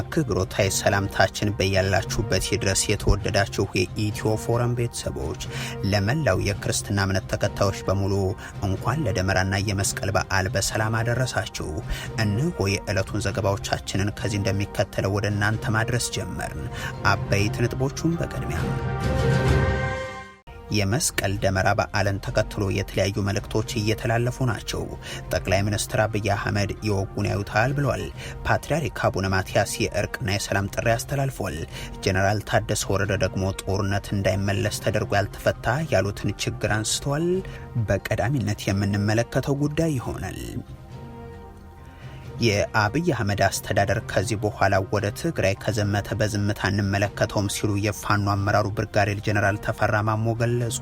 አክብሮታዊ ሰላምታችን በያላችሁበት ይድረስ። የተወደዳችሁ የኢትዮ ፎረም ቤተሰቦች፣ ለመላው የክርስትና እምነት ተከታዮች በሙሉ እንኳን ለደመራና የመስቀል በዓል በሰላም አደረሳችሁ። እነሆ የዕለቱን ዘገባዎቻችንን ከዚህ እንደሚከተለው ወደ እናንተ ማድረስ ጀመርን። አበይት ነጥቦቹን በቅድሚያ የመስቀል ደመራ በዓልን ተከትሎ የተለያዩ መልእክቶች እየተላለፉ ናቸው። ጠቅላይ ሚኒስትር አብይ አህመድ የወጉን ያዩታል ብሏል። ፓትርያርክ አቡነ ማትያስ የእርቅና የሰላም ጥሪ አስተላልፏል። ጀኔራል ታደሰ ወረደ ደግሞ ጦርነት እንዳይመለስ ተደርጎ ያልተፈታ ያሉትን ችግር አንስተዋል። በቀዳሚነት የምንመለከተው ጉዳይ ይሆናል። የአብይ አህመድ አስተዳደር ከዚህ በኋላ ወደ ትግራይ ከዘመተ በዝምታ እንመለከተውም ሲሉ የፋኖ አመራሩ ብርጋዴር ጀነራል ተፈራ ማሞ ገለጹ።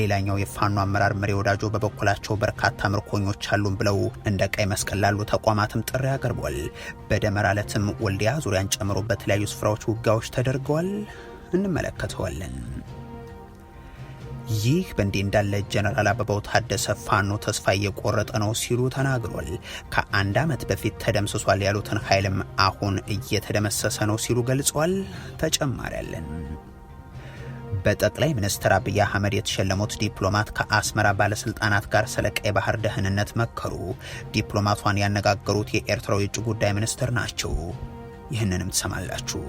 ሌላኛው የፋኖ አመራር መሪ ወዳጆ በበኩላቸው በርካታ ምርኮኞች አሉን ብለው እንደ ቀይ መስቀል ላሉ ተቋማትም ጥሪ አቅርቧል። በደመራ ዕለትም ወልዲያ ዙሪያን ጨምሮ በተለያዩ ስፍራዎች ውጊያዎች ተደርገዋል። እንመለከተዋለን። ይህ በእንዲህ እንዳለ ጀነራል አበባው ታደሰ ፋኖ ተስፋ እየቆረጠ ነው ሲሉ ተናግሯል። ከአንድ ዓመት በፊት ተደምስሷል ያሉትን ኃይልም አሁን እየተደመሰሰ ነው ሲሉ ገልጸዋል። ተጨማሪ አለን። በጠቅላይ ሚኒስትር አብይ አህመድ የተሸለሙት ዲፕሎማት ከአስመራ ባለስልጣናት ጋር ስለ ቀይ ባህር ደህንነት መከሩ። ዲፕሎማቷን ያነጋገሩት የኤርትራው የውጭ ጉዳይ ሚኒስትር ናቸው። ይህንንም ትሰማላችሁ።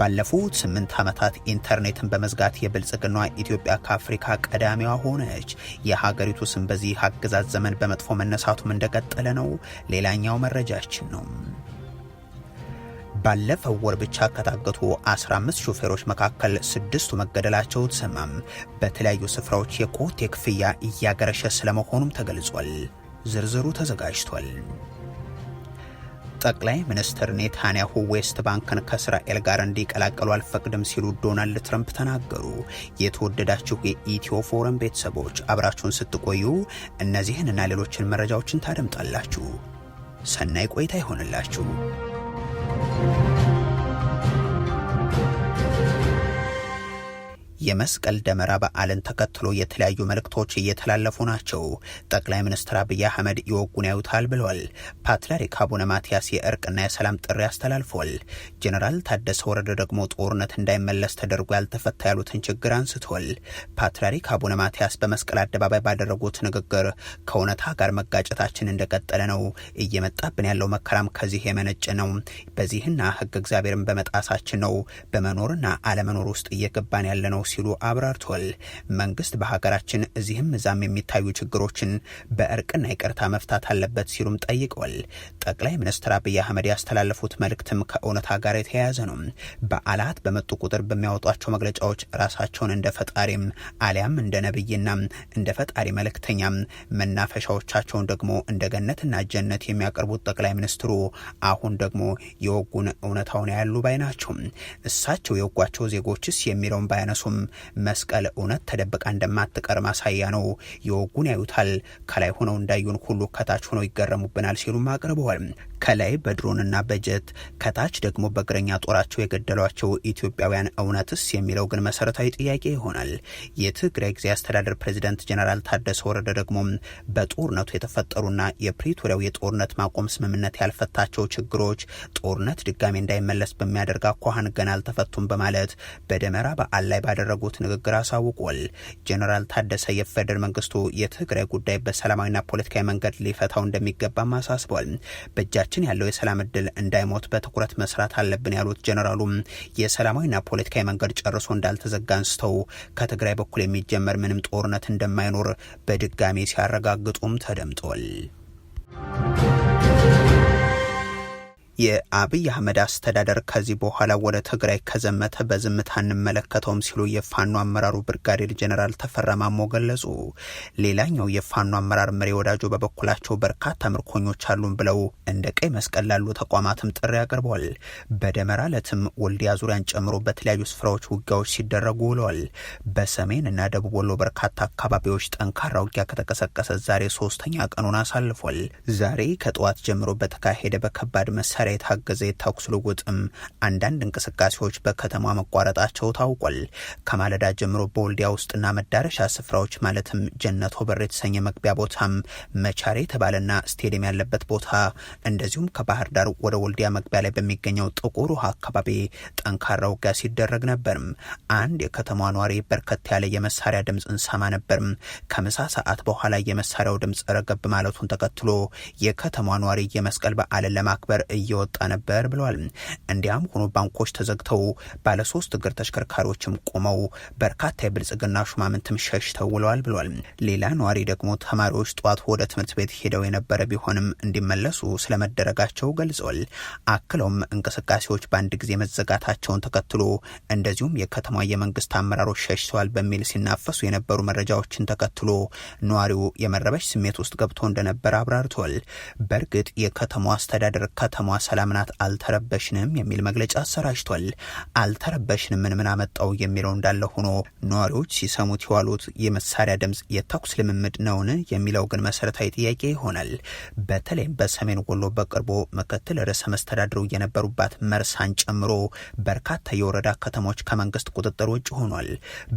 ባለፉት ስምንት ዓመታት ኢንተርኔትን በመዝጋት የብልጽግና ኢትዮጵያ ከአፍሪካ ቀዳሚዋ ሆነች። የሀገሪቱ ስም በዚህ አገዛዝ ዘመን በመጥፎ መነሳቱም እንደቀጠለ ነው። ሌላኛው መረጃችን ነው። ባለፈው ወር ብቻ ከታገቱ 15 ሾፌሮች መካከል ስድስቱ መገደላቸው ተሰማም። በተለያዩ ስፍራዎች የቆቴ ክፍያ እያገረሸ ስለመሆኑም ተገልጿል። ዝርዝሩ ተዘጋጅቷል። ጠቅላይ ሚኒስትር ኔታንያሁ ዌስት ባንክን ከእስራኤል ጋር እንዲቀላቀሉ አልፈቅድም ሲሉ ዶናልድ ትረምፕ ተናገሩ። የተወደዳችሁ የኢትዮ ፎረም ቤተሰቦች አብራችሁን ስትቆዩ እነዚህን እና ሌሎችን መረጃዎችን ታደምጣላችሁ። ሰናይ ቆይታ ይሆንላችሁ። የመስቀል ደመራ በዓልን ተከትሎ የተለያዩ መልእክቶች እየተላለፉ ናቸው። ጠቅላይ ሚኒስትር አብይ አህመድ የወጉን ያዩታል ብለዋል። ፓትርያርክ አቡነ ማትያስ የእርቅና የሰላም ጥሪ አስተላልፏል። ጀኔራል ታደሰ ወረደ ደግሞ ጦርነት እንዳይመለስ ተደርጎ ያልተፈታ ያሉትን ችግር አንስቷል። ፓትርያርክ አቡነ ማትያስ በመስቀል አደባባይ ባደረጉት ንግግር ከእውነታ ጋር መጋጨታችን እንደቀጠለ ነው። እየመጣብን ያለው መከራም ከዚህ የመነጨ ነው። በዚህና ህግ እግዚአብሔርን በመጣሳችን ነው። በመኖርና አለመኖር ውስጥ እየገባን ያለ ነው ሲሉ አብራርቷል። መንግስት በሀገራችን እዚህም እዛም የሚታዩ ችግሮችን በእርቅና ይቅርታ መፍታት አለበት ሲሉም ጠይቀዋል። ጠቅላይ ሚኒስትር አብይ አህመድ ያስተላለፉት መልእክትም ከእውነታ ጋር የተያያዘ ነው። በዓላት በመጡ ቁጥር በሚያወጧቸው መግለጫዎች ራሳቸውን እንደ ፈጣሪም አሊያም እንደ ነብይና እንደ ፈጣሪ መልእክተኛም መናፈሻዎቻቸውን ደግሞ እንደ ገነትና ጀነት የሚያቀርቡት ጠቅላይ ሚኒስትሩ አሁን ደግሞ የወጉን እውነታውን ያሉ ባይ ናቸው። እሳቸው የወጓቸው ዜጎችስ የሚለውን ባያነሱም መስቀል እውነት ተደብቃ እንደማትቀር ማሳያ ነው። የወጉን ያዩታል ከላይ ሆነው እንዳዩን ሁሉ ከታች ሆነው ይገረሙብናል ሲሉም አቅርበዋል። ከላይ በድሮንና በጀት ከታች ደግሞ በእግረኛ ጦራቸው የገደሏቸው ኢትዮጵያውያን እውነትስ የሚለው ግን መሰረታዊ ጥያቄ ይሆናል። የትግራይ ጊዜ አስተዳደር ፕሬዚደንት ጀነራል ታደሰ ወረደ ደግሞ በጦርነቱ የተፈጠሩና የፕሪቶሪያው የጦርነት ማቆም ስምምነት ያልፈታቸው ችግሮች ጦርነት ድጋሜ እንዳይመለስ በሚያደርግ አኳኋን ገና አልተፈቱም በማለት በደመራ በዓል ላይ ባደረጉት ንግግር አሳውቋል። ጀነራል ታደሰ የፌደራል መንግስቱ የትግራይ ጉዳይ በሰላማዊና ፖለቲካዊ መንገድ ሊፈታው እንደሚገባም አሳስቧል። በእጃቸው በሀገራችን ያለው የሰላም እድል እንዳይሞት በትኩረት መስራት አለብን ያሉት ጀነራሉም የሰላማዊና ፖለቲካዊ መንገድ ጨርሶ እንዳልተዘጋ አንስተው ከትግራይ በኩል የሚጀመር ምንም ጦርነት እንደማይኖር በድጋሚ ሲያረጋግጡም ተደምጧል። የአብይ አህመድ አስተዳደር ከዚህ በኋላ ወደ ትግራይ ከዘመተ በዝምታ እንመለከተውም ሲሉ የፋኖ አመራሩ ብርጋዴር ጀኔራል ተፈራ ማሞ ገለጹ። ሌላኛው የፋኖ አመራር መሪ ወዳጆ በበኩላቸው በርካታ ምርኮኞች አሉን ብለው እንደ ቀይ መስቀል ላሉ ተቋማትም ጥሪ አቅርበዋል። በደመራ ዕለትም ወልዲያ ዙሪያን ጨምሮ በተለያዩ ስፍራዎች ውጊያዎች ሲደረጉ ውለዋል። በሰሜን እና ደቡብ ወሎ በርካታ አካባቢዎች ጠንካራ ውጊያ ከተቀሰቀሰ ዛሬ ሶስተኛ ቀኑን አሳልፏል። ዛሬ ከጠዋት ጀምሮ በተካሄደ በከባድ መሳ በመሳሪያ የታገዘ የተኩስ ልውውጥም አንዳንድ እንቅስቃሴዎች በከተማ መቋረጣቸው ታውቋል። ከማለዳ ጀምሮ በወልዲያ ውስጥና መዳረሻ ስፍራዎች ማለትም ጀነት ሆበር የተሰኘ መግቢያ ቦታም፣ መቻሬ የተባለና ስቴዲየም ያለበት ቦታ እንደዚሁም ከባህር ዳር ወደ ወልዲያ መግቢያ ላይ በሚገኘው ጥቁር ውሃ አካባቢ ጠንካራ ውጊያ ሲደረግ ነበርም። አንድ የከተማ ነዋሪ በርከት ያለ የመሳሪያ ድምፅ እንሰማ ነበርም። ከምሳ ሰዓት በኋላ የመሳሪያው ድምፅ ረገብ ማለቱን ተከትሎ የከተማ ነዋሪ የመስቀል በዓልን ለማክበር እየ እየወጣ ነበር ብለዋል። እንዲያም ሆኖ ባንኮች ተዘግተው ባለሶስት እግር ተሽከርካሪዎችም ቆመው በርካታ የብልጽግና ሹማምንትም ሸሽተው ውለዋል ብለዋል። ሌላ ነዋሪ ደግሞ ተማሪዎች ጠዋት ወደ ትምህርት ቤት ሄደው የነበረ ቢሆንም እንዲመለሱ ስለመደረጋቸው ገልጸዋል። አክለውም እንቅስቃሴዎች በአንድ ጊዜ መዘጋታቸውን ተከትሎ እንደዚሁም የከተማ የመንግስት አመራሮች ሸሽተዋል በሚል ሲናፈሱ የነበሩ መረጃዎችን ተከትሎ ነዋሪው የመረበሽ ስሜት ውስጥ ገብቶ እንደነበረ አብራርቷል። በእርግጥ የከተማ አስተዳደር ከተማ ሰላም ናት፣ አልተረበሽንም የሚል መግለጫ አሰራጅቷል። አልተረበሽንም ምን ምን አመጣው የሚለው እንዳለ ሆኖ ነዋሪዎች ሲሰሙት የዋሉት የመሳሪያ ድምፅ የተኩስ ልምምድ ነውን የሚለው ግን መሰረታዊ ጥያቄ ይሆናል። በተለይም በሰሜን ወሎ በቅርቡ ምክትል ርዕሰ መስተዳድሩ የነበሩባት መርሳን ጨምሮ በርካታ የወረዳ ከተሞች ከመንግስት ቁጥጥር ውጭ ሆኗል።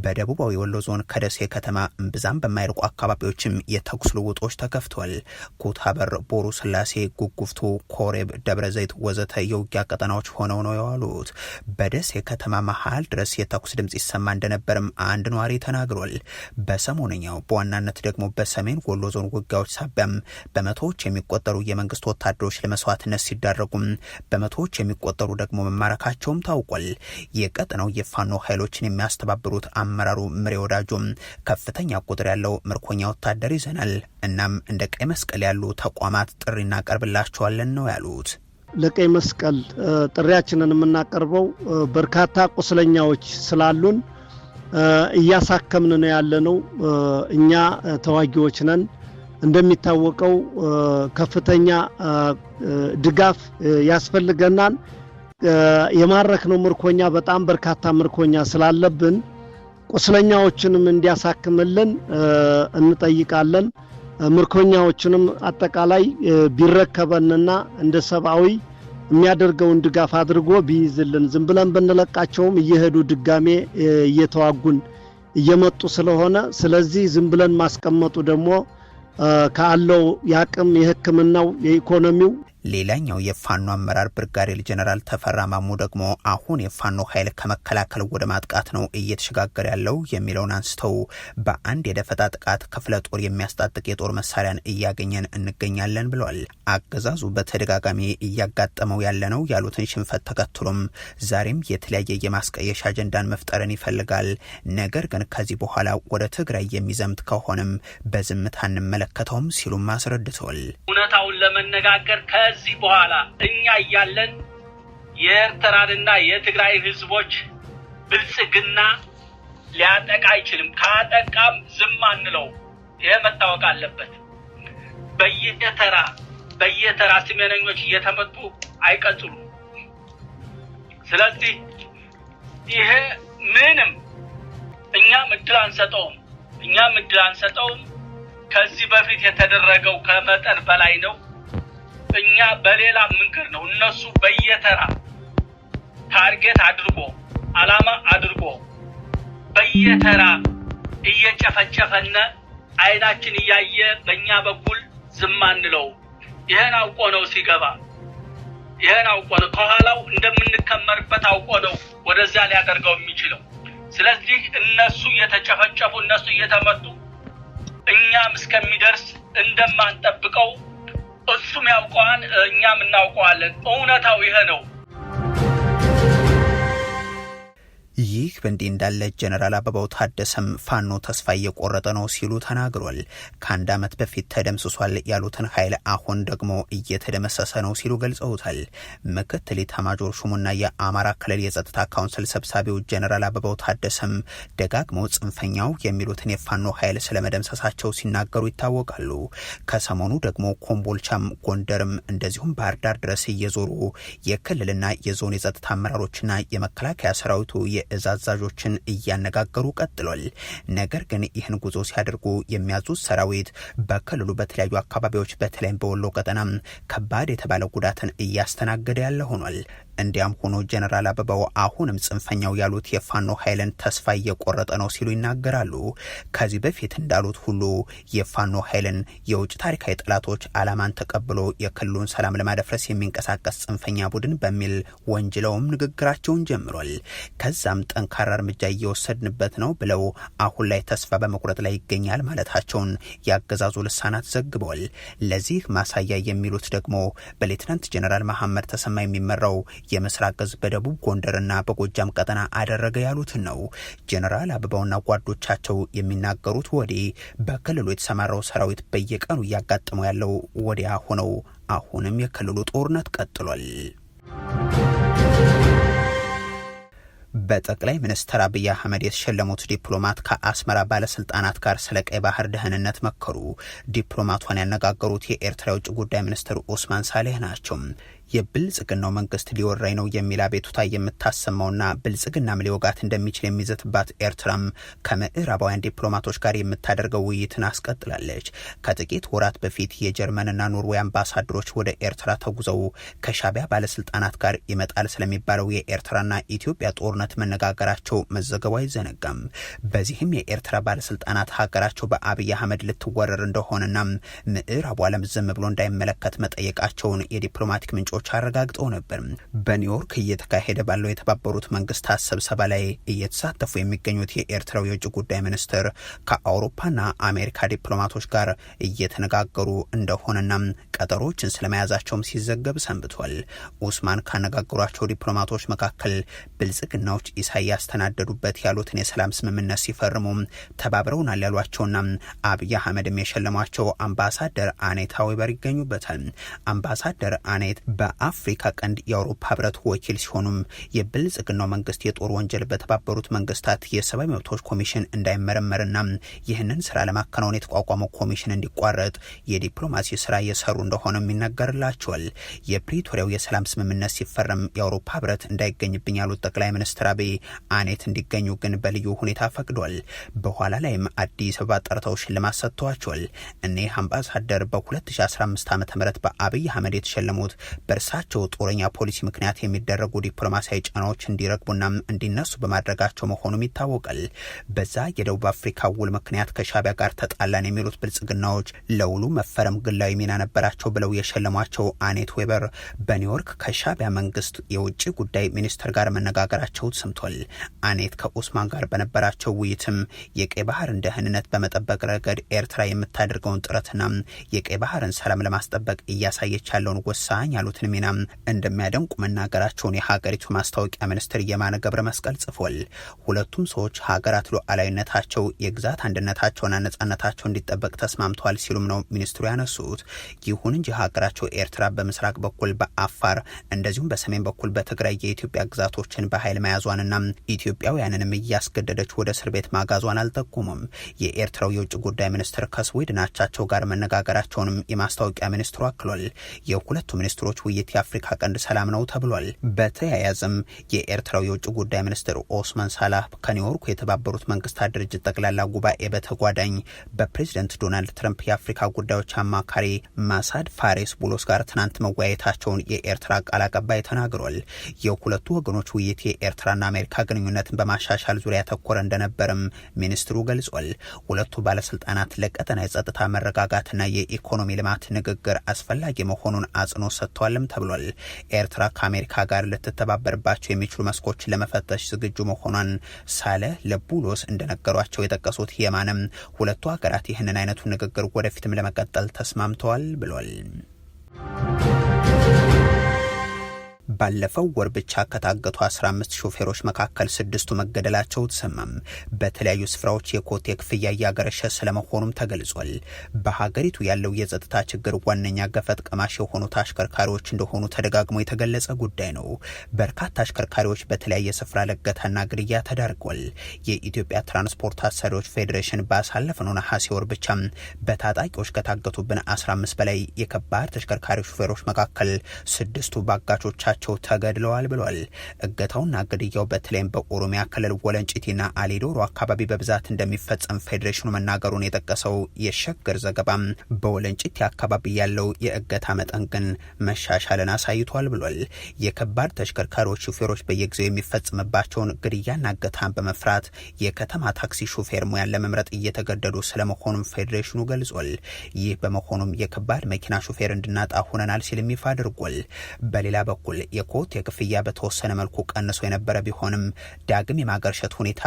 በደቡባዊ ወሎ ዞን ከደሴ ከተማ ብዛም በማይርቁ አካባቢዎችም የተኩስ ልውጦች ተከፍቷል። ኩታበር፣ ቦሩ ስላሴ፣ ጉጉፍቱ፣ ኮሬብ፣ ደብረ ዘይት ወዘተ የውጊያ ቀጠናዎች ሆነው ነው የዋሉት። በደሴ ከተማ መሀል ድረስ የተኩስ ድምፅ ይሰማ እንደነበርም አንድ ነዋሪ ተናግሯል። በሰሞነኛው በዋናነት ደግሞ በሰሜን ወሎ ዞን ውጊያዎች ሳቢያም በመቶዎች የሚቆጠሩ የመንግስት ወታደሮች ለመስዋዕትነት ሲዳረጉም በመቶዎች የሚቆጠሩ ደግሞ መማረካቸውም ታውቋል። የቀጠናው የፋኖ ኃይሎችን የሚያስተባብሩት አመራሩ ምሬ ወዳጁም ከፍተኛ ቁጥር ያለው ምርኮኛ ወታደር ይዘናል እናም እንደ ቀይ መስቀል ያሉ ተቋማት ጥሪ እናቀርብላቸዋለን ነው ያሉት። ለቀይ መስቀል ጥሪያችንን የምናቀርበው በርካታ ቁስለኛዎች ስላሉን እያሳከምን ነው ያለነው። እኛ ተዋጊዎች ነን። እንደሚታወቀው ከፍተኛ ድጋፍ ያስፈልገናል። ነው ምርኮኛ በጣም በርካታ ምርኮኛ ስላለብን ቁስለኛዎችንም እንዲያሳክምልን እንጠይቃለን። ምርኮኛዎቹንም አጠቃላይ ቢረከበንና እንደ ሰብአዊ የሚያደርገውን ድጋፍ አድርጎ ቢይዝልን ዝም ብለን ብንለቃቸውም እየሄዱ ድጋሜ እየተዋጉን እየመጡ ስለሆነ ስለዚህ ዝም ብለን ማስቀመጡ ደግሞ ካለው የአቅም የሕክምናው የኢኮኖሚው ሌላኛው የፋኖ አመራር ብርጋዴር ጀነራል ተፈራ ማሞ ደግሞ አሁን የፋኖ ኃይል ከመከላከል ወደ ማጥቃት ነው እየተሸጋገረ ያለው የሚለውን አንስተው በአንድ የደፈጣ ጥቃት ክፍለ ጦር የሚያስታጥቅ የጦር መሳሪያን እያገኘን እንገኛለን ብለዋል። አገዛዙ በተደጋጋሚ እያጋጠመው ያለ ነው ያሉትን ሽንፈት ተከትሎም ዛሬም የተለያየ የማስቀየሻ አጀንዳን መፍጠርን ይፈልጋል። ነገር ግን ከዚህ በኋላ ወደ ትግራይ የሚዘምት ከሆነም በዝምታ እንመለከተውም ሲሉም አስረድተዋል። እውነታውን ለመነጋገር ከዚህ በኋላ እኛ እያለን የኤርትራንና የትግራይ ህዝቦች ብልጽግና ሊያጠቃ አይችልም። ካጠቃም ዝም አንለው። ይሄ መታወቅ አለበት። በየተራ በየተራ ስሜነኞች እየተመጡ አይቀጥሉም። ስለዚህ ይሄ ምንም እኛም እድል አንሰጠውም፣ እኛም እድል አንሰጠውም። ከዚህ በፊት የተደረገው ከመጠን በላይ ነው። እኛ በሌላ መንገድ ነው። እነሱ በየተራ ታርጌት አድርጎ አላማ አድርጎ በየተራ እየጨፈጨፈነ አይናችን እያየ በእኛ በኩል ዝም አንለው። ይህን አውቆ ነው ሲገባ፣ ይህን አውቆ ነው ከኋላው እንደምንከመርበት አውቆ ነው ወደዚያ ሊያደርገው የሚችለው። ስለዚህ እነሱ እየተጨፈጨፉ እነሱ እየተመቱ እኛም እስከሚደርስ እንደማንጠብቀው እሱም ያውቀዋል፣ እኛም እናውቀዋለን። እውነታው ይሄ ነው። ይህ በእንዲህ እንዳለ ጀነራል አበባው ታደሰም ፋኖ ተስፋ እየቆረጠ ነው ሲሉ ተናግሯል። ከአንድ ዓመት በፊት ተደምስሷል ያሉትን ኃይል አሁን ደግሞ እየተደመሰሰ ነው ሲሉ ገልጸውታል። ምክትል ኤታማዦር ሹሙና የአማራ ክልል የጸጥታ ካውንስል ሰብሳቢው ጀነራል አበባው ታደሰም ደጋግመው ጽንፈኛው የሚሉትን የፋኖ ኃይል ስለመደምሰሳቸው ሲናገሩ ይታወቃሉ። ከሰሞኑ ደግሞ ኮምቦልቻም፣ ጎንደርም እንደዚሁም ባህር ዳር ድረስ እየዞሩ የክልልና የዞን የጸጥታ አመራሮችና የመከላከያ ሰራዊቱ የእዝ አዛዦችን እያነጋገሩ ቀጥሏል። ነገር ግን ይህን ጉዞ ሲያደርጉ የሚያዙት ሰራዊት በክልሉ በተለያዩ አካባቢዎች በተለይም በወሎ ቀጠና ከባድ የተባለ ጉዳትን እያስተናገደ ያለ ሆኗል። እንዲያም ሆኖ ጀነራል አበባው አሁንም ጽንፈኛው ያሉት የፋኖ ኃይልን ተስፋ እየቆረጠ ነው ሲሉ ይናገራሉ። ከዚህ በፊት እንዳሉት ሁሉ የፋኖ ኃይልን የውጭ ታሪካዊ ጠላቶች አላማን ተቀብሎ የክልሉን ሰላም ለማደፍረስ የሚንቀሳቀስ ጽንፈኛ ቡድን በሚል ወንጅለውም ንግግራቸውን ጀምሯል። ከዛም ጠንካራ እርምጃ እየወሰድንበት ነው ብለው አሁን ላይ ተስፋ በመቁረጥ ላይ ይገኛል ማለታቸውን ያገዛዙ ልሳናት ዘግበዋል። ለዚህ ማሳያ የሚሉት ደግሞ በሌትናንት ጀነራል መሐመድ ተሰማ የሚመራው የምስራቅ እዝ በደቡብ ጎንደርና በጎጃም ቀጠና አደረገ ያሉትን ነው። ጀኔራል አበባውና ጓዶቻቸው የሚናገሩት ወዲህ በክልሉ የተሰማራው ሰራዊት በየቀኑ እያጋጠመው ያለው ወዲያ ሆነው አሁንም የክልሉ ጦርነት ቀጥሏል። በጠቅላይ ሚኒስትር አብይ አህመድ የተሸለሙት ዲፕሎማት ከአስመራ ባለስልጣናት ጋር ስለ ቀይ ባህር ደህንነት መከሩ። ዲፕሎማቷን ያነጋገሩት የኤርትራ የውጭ ጉዳይ ሚኒስትር ኦስማን ሳሌህ ናቸው። የብልጽግናው መንግስት ሊወራኝ ነው የሚል አቤቱታ የምታሰማውና ብልጽግናም ሊወጋት እንደሚችል የሚዘትባት ኤርትራም ከምዕራባውያን ዲፕሎማቶች ጋር የምታደርገው ውይይትን አስቀጥላለች። ከጥቂት ወራት በፊት የጀርመንና ኖርዌይ አምባሳደሮች ወደ ኤርትራ ተጉዘው ከሻቢያ ባለስልጣናት ጋር ይመጣል ስለሚባለው የኤርትራና ኢትዮጵያ ጦርነት መነጋገራቸው መዘገቡ አይዘነጋም። በዚህም የኤርትራ ባለስልጣናት ሀገራቸው በአብይ አህመድ ልትወረር እንደሆነና ምዕራቡ ዓለም ዝም ብሎ እንዳይመለከት መጠየቃቸውን የዲፕሎማቲክ ምንጮች ምንጮች አረጋግጠው ነበር። በኒውዮርክ እየተካሄደ ባለው የተባበሩት መንግስታት ስብሰባ ላይ እየተሳተፉ የሚገኙት የኤርትራው የውጭ ጉዳይ ሚኒስትር ከአውሮፓና አሜሪካ ዲፕሎማቶች ጋር እየተነጋገሩ እንደሆነና ቀጠሮችን ስለመያዛቸውም ሲዘገብ ሰንብቷል። ኡስማን ካነጋገሯቸው ዲፕሎማቶች መካከል ብልጽግናዎች ኢሳያስ ያስተናደዱበት ያሉትን የሰላም ስምምነት ሲፈርሙ ተባብረውናል ያሏቸውና አብይ አህመድም የሸለሟቸው አምባሳደር አኔት አዌበር ይገኙበታል። አምባሳደር አኔት በ በአፍሪካ ቀንድ የአውሮፓ ህብረት ወኪል ሲሆኑም የብልጽግናው መንግስት የጦር ወንጀል በተባበሩት መንግስታት የሰብአዊ መብቶች ኮሚሽን እንዳይመረመርና ይህንን ስራ ለማከናወን የተቋቋመው ኮሚሽን እንዲቋረጥ የዲፕሎማሲ ስራ እየሰሩ እንደሆነም ይነገርላቸዋል። የፕሪቶሪያው የሰላም ስምምነት ሲፈረም የአውሮፓ ህብረት እንዳይገኝብኝ ያሉት ጠቅላይ ሚኒስትር አብይ አኔት እንዲገኙ ግን በልዩ ሁኔታ ፈቅዷል። በኋላ ላይም አዲስ አበባ ጠርተው ሽልማት ሰጥተዋቸዋል። እኒህ አምባሳደር በ2015 ዓ ም በአብይ አህመድ የተሸለሙት በእርሳቸው ጦረኛ ፖሊሲ ምክንያት የሚደረጉ ዲፕሎማሲያዊ ጫናዎች እንዲረግቡና እንዲነሱ በማድረጋቸው መሆኑም ይታወቃል። በዛ የደቡብ አፍሪካ ውል ምክንያት ከሻቢያ ጋር ተጣላን የሚሉት ብልጽግናዎች ለውሉ መፈረም ግላዊ ሚና ነበራቸው ብለው የሸለሟቸው አኔት ዌበር በኒውዮርክ ከሻቢያ መንግስት የውጭ ጉዳይ ሚኒስትር ጋር መነጋገራቸው ሰምቷል። አኔት ከኡስማን ጋር በነበራቸው ውይይትም የቀይ ባህርን ደህንነት በመጠበቅ ረገድ ኤርትራ የምታደርገውን ጥረትና የቀይ ባህርን ሰላም ለማስጠበቅ እያሳየች ያለውን ወሳኝ ያሉትን ሚና ሚናም እንደሚያደንቁ መናገራቸውን የሀገሪቱ ማስታወቂያ ሚኒስትር የማነ ገብረ መስቀል ጽፏል። ሁለቱም ሰዎች ሀገራት ሉዓላዊነታቸው፣ የግዛት አንድነታቸውና ነጻነታቸው እንዲጠበቅ ተስማምተዋል ሲሉም ነው ሚኒስትሩ ያነሱት። ይሁን እንጂ ሀገራቸው ኤርትራ በምስራቅ በኩል በአፋር እንደዚሁም በሰሜን በኩል በትግራይ የኢትዮጵያ ግዛቶችን በኃይል መያዟንና ኢትዮጵያውያንንም እያስገደደች ወደ እስር ቤት ማጋዟን አልጠቁሙም። የኤርትራው የውጭ ጉዳይ ሚኒስትር ከስዊድን አቻቸው ጋር መነጋገራቸውንም የማስታወቂያ ሚኒስትሩ አክሏል። የሁለቱ ሚኒስትሮች ውይይት የአፍሪካ ቀንድ ሰላም ነው ተብሏል። በተያያዘም የኤርትራው የውጭ ጉዳይ ሚኒስትር ኦስማን ሳላህ ከኒውዮርኩ የተባበሩት መንግስታት ድርጅት ጠቅላላ ጉባኤ በተጓዳኝ በፕሬዚደንት ዶናልድ ትራምፕ የአፍሪካ ጉዳዮች አማካሪ ማሳድ ፋሬስ ቡሎስ ጋር ትናንት መወያየታቸውን የኤርትራ ቃል አቀባይ ተናግሯል። የሁለቱ ወገኖች ውይይት የኤርትራና አሜሪካ ግንኙነትን በማሻሻል ዙሪያ ያተኮረ እንደነበርም ሚኒስትሩ ገልጿል። ሁለቱ ባለስልጣናት ለቀጠና የጸጥታ መረጋጋትና የኢኮኖሚ ልማት ንግግር አስፈላጊ መሆኑን አጽንኦት ሰጥተዋልም አይቀርም ተብሏል። ኤርትራ ከአሜሪካ ጋር ልትተባበርባቸው የሚችሉ መስኮችን ለመፈተሽ ዝግጁ መሆኗን ሳለ ለቡሎስ እንደነገሯቸው የጠቀሱት የማነም ሁለቱ ሀገራት ይህንን አይነቱ ንግግር ወደፊትም ለመቀጠል ተስማምተዋል ብሏል። ባለፈው ወር ብቻ ከታገቱ 15 ሾፌሮች መካከል ስድስቱ መገደላቸው ተሰማም። በተለያዩ ስፍራዎች የኮቴ ክፍያ እያገረሸ ስለመሆኑም ተገልጿል። በሀገሪቱ ያለው የጸጥታ ችግር ዋነኛ ገፈት ቀማሽ የሆኑት አሽከርካሪዎች እንደሆኑ ተደጋግሞ የተገለጸ ጉዳይ ነው። በርካታ አሽከርካሪዎች በተለያየ ስፍራ ለገታና ግድያ ተዳርጓል። የኢትዮጵያ ትራንስፖርት አሰሪዎች ፌዴሬሽን ባሳለፍነው ነሐሴ ወር ብቻ በታጣቂዎች ከታገቱብን 15 በላይ የከባድ ተሽከርካሪ ሾፌሮች መካከል ስድስቱ ባጋቾቻቸው በመሆናቸው ተገድለዋል ብሏል። እገታውና ግድያው በተለይም በኦሮሚያ ክልል ወለንጭቲና አሊዶሮ አካባቢ በብዛት እንደሚፈጸም ፌዴሬሽኑ መናገሩን የጠቀሰው የሸገር ዘገባም በወለንጭቲ አካባቢ ያለው የእገታ መጠን ግን መሻሻልን አሳይቷል ብሏል። የከባድ ተሽከርካሪዎች ሹፌሮች በየጊዜው የሚፈጽምባቸውን ግድያና እገታን በመፍራት የከተማ ታክሲ ሹፌር ሙያን ለመምረጥ እየተገደዱ ስለመሆኑም ፌዴሬሽኑ ገልጿል። ይህ በመሆኑም የከባድ መኪና ሹፌር እንድናጣ ሆነናል ሲልም ይፋ አድርጓል። በሌላ በኩል የኮት የክፍያ በተወሰነ መልኩ ቀንሶ የነበረ ቢሆንም ዳግም የማገርሸት ሁኔታ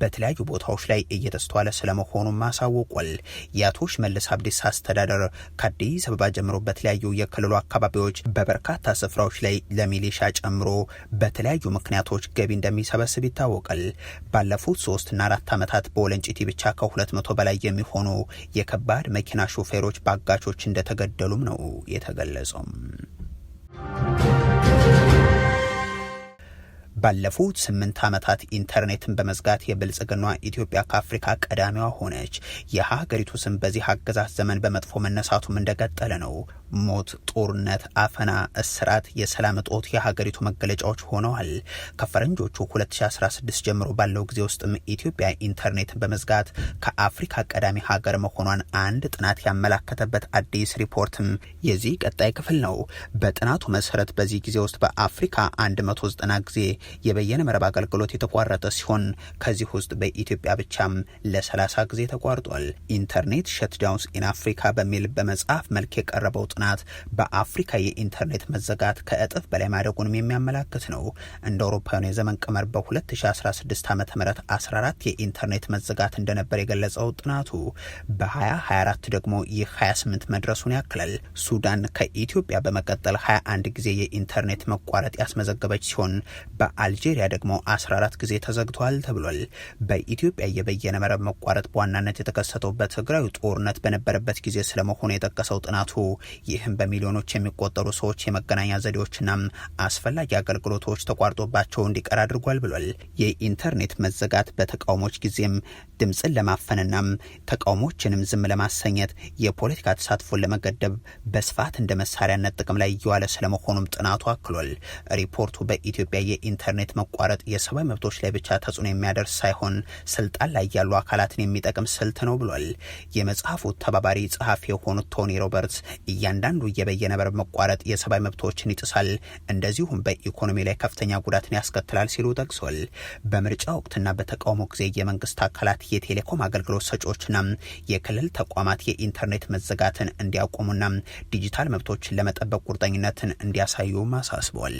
በተለያዩ ቦታዎች ላይ እየተስተዋለ ስለመሆኑም አሳውቋል። የአቶ ሽመልስ አብዲስ አስተዳደር ከአዲስ አበባ ጀምሮ በተለያዩ የክልሉ አካባቢዎች በበርካታ ስፍራዎች ላይ ለሚሊሻ ጨምሮ በተለያዩ ምክንያቶች ገቢ እንደሚሰበስብ ይታወቃል። ባለፉት ሶስትና አራት ዓመታት በወለንጭቲ ብቻ ከሁለት መቶ በላይ የሚሆኑ የከባድ መኪና ሾፌሮች በአጋቾች እንደተገደሉም ነው የተገለጸው። ባለፉት ስምንት ዓመታት ኢንተርኔትን በመዝጋት የብልጽግና ኢትዮጵያ ከአፍሪካ ቀዳሚዋ ሆነች። የሀገሪቱ ስም በዚህ አገዛዝ ዘመን በመጥፎ መነሳቱም እንደቀጠለ ነው። ሞት፣ ጦርነት፣ አፈና፣ እስራት፣ የሰላም እጦት የሀገሪቱ መገለጫዎች ሆነዋል። ከፈረንጆቹ 2016 ጀምሮ ባለው ጊዜ ውስጥም ኢትዮጵያ ኢንተርኔትን በመዝጋት ከአፍሪካ ቀዳሚ ሀገር መሆኗን አንድ ጥናት ያመላከተበት አዲስ ሪፖርትም የዚህ ቀጣይ ክፍል ነው። በጥናቱ መሰረት በዚህ ጊዜ ውስጥ በአፍሪካ 190 ጊዜ የበየነ መረብ አገልግሎት የተቋረጠ ሲሆን ከዚህ ውስጥ በኢትዮጵያ ብቻም ለ30 ጊዜ ተቋርጧል። ኢንተርኔት ሸትዳውንስ ኢን አፍሪካ በሚል በመጽሐፍ መልክ የቀረበው ምክንያት በአፍሪካ የኢንተርኔት መዘጋት ከእጥፍ በላይ ማደጉንም የሚያመላክት ነው። እንደ አውሮፓውያኑ የዘመን ቀመር በ2016 ዓ ም 14 የኢንተርኔት መዘጋት እንደነበር የገለጸው ጥናቱ በ2024 ደግሞ ይህ 28 መድረሱን ያክላል። ሱዳን ከኢትዮጵያ በመቀጠል 21 ጊዜ የኢንተርኔት መቋረጥ ያስመዘገበች ሲሆን በአልጄሪያ ደግሞ 14 ጊዜ ተዘግቷል ተብሏል። በኢትዮጵያ የበየነ መረብ መቋረጥ በዋናነት የተከሰተው በትግራዩ ጦርነት በነበረበት ጊዜ ስለመሆኑ የጠቀሰው ጥናቱ ይህም በሚሊዮኖች የሚቆጠሩ ሰዎች የመገናኛ ዘዴዎችና አስፈላጊ አገልግሎቶች ተቋርጦባቸው እንዲቀር አድርጓል ብሏል። የኢንተርኔት መዘጋት በተቃውሞች ጊዜም ድምፅን ለማፈንና ተቃውሞችንም ዝም ለማሰኘት የፖለቲካ ተሳትፎን ለመገደብ በስፋት እንደ መሳሪያነት ጥቅም ላይ እየዋለ ስለመሆኑም ጥናቱ አክሏል። ሪፖርቱ በኢትዮጵያ የኢንተርኔት መቋረጥ የሰብአዊ መብቶች ላይ ብቻ ተጽዕኖ የሚያደርስ ሳይሆን ስልጣን ላይ ያሉ አካላትን የሚጠቅም ስልት ነው ብሏል። የመጽሐፉ ተባባሪ ጸሐፊ የሆኑት ቶኒ ሮበርትስ እያ እያንዳንዱ የበየነ መረብ መቋረጥ የሰብአዊ መብቶችን ይጥሳል፣ እንደዚሁም በኢኮኖሚ ላይ ከፍተኛ ጉዳትን ያስከትላል ሲሉ ጠቅሷል። በምርጫ ወቅትና በተቃውሞ ጊዜ የመንግስት አካላት የቴሌኮም አገልግሎት ሰጪዎችና የክልል ተቋማት የኢንተርኔት መዘጋትን እንዲያቆሙና ዲጂታል መብቶችን ለመጠበቅ ቁርጠኝነትን እንዲያሳዩም አሳስቧል።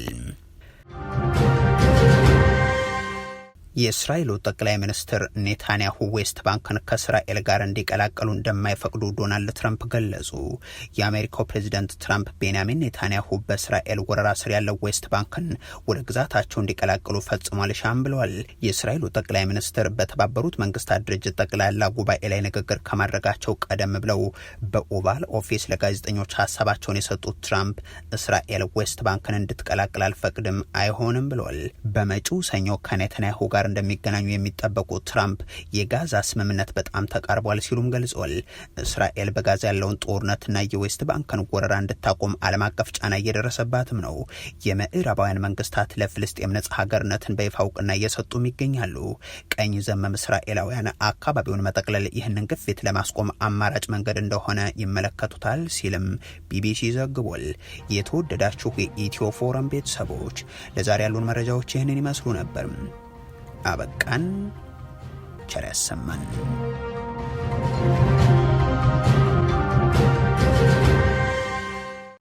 የእስራኤሉ ጠቅላይ ሚኒስትር ኔታንያሁ ዌስት ባንክን ከእስራኤል ጋር እንዲቀላቀሉ እንደማይፈቅዱ ዶናልድ ትራምፕ ገለጹ። የአሜሪካው ፕሬዚደንት ትራምፕ ቤንያሚን ኔታንያሁ በእስራኤል ወረራ ስር ያለው ዌስት ባንክን ወደ ግዛታቸው እንዲቀላቀሉ ፈጽሟል ሻም ብለዋል። የእስራኤሉ ጠቅላይ ሚኒስትር በተባበሩት መንግስታት ድርጅት ጠቅላላ ጉባኤ ላይ ንግግር ከማድረጋቸው ቀደም ብለው በኦቫል ኦፊስ ለጋዜጠኞች ሀሳባቸውን የሰጡት ትራምፕ እስራኤል ዌስት ባንክን እንድትቀላቅል አልፈቅድም፣ አይሆንም ብለዋል። በመጪው ሰኞ ከኔታንያሁ ጋር ጋር እንደሚገናኙ የሚጠበቁ ትራምፕ የጋዛ ስምምነት በጣም ተቃርቧል ሲሉም ገልጿል። እስራኤል በጋዛ ያለውን ጦርነትና የዌስት ባንክን ወረራ እንድታቆም ዓለም አቀፍ ጫና እየደረሰባትም ነው። የምዕራባውያን መንግስታት ለፍልስጤም ነጻ ሀገርነትን በይፋ እውቅና እየሰጡም ይገኛሉ። ቀኝ ዘመም እስራኤላውያን አካባቢውን መጠቅለል ይህንን ግፊት ለማስቆም አማራጭ መንገድ እንደሆነ ይመለከቱታል ሲልም ቢቢሲ ዘግቧል። የተወደዳችሁ የኢትዮ ፎረም ቤተሰቦች ለዛሬ ያሉን መረጃዎች ይህንን ይመስሉ ነበር። አበቃን። ቸር ያሰማን።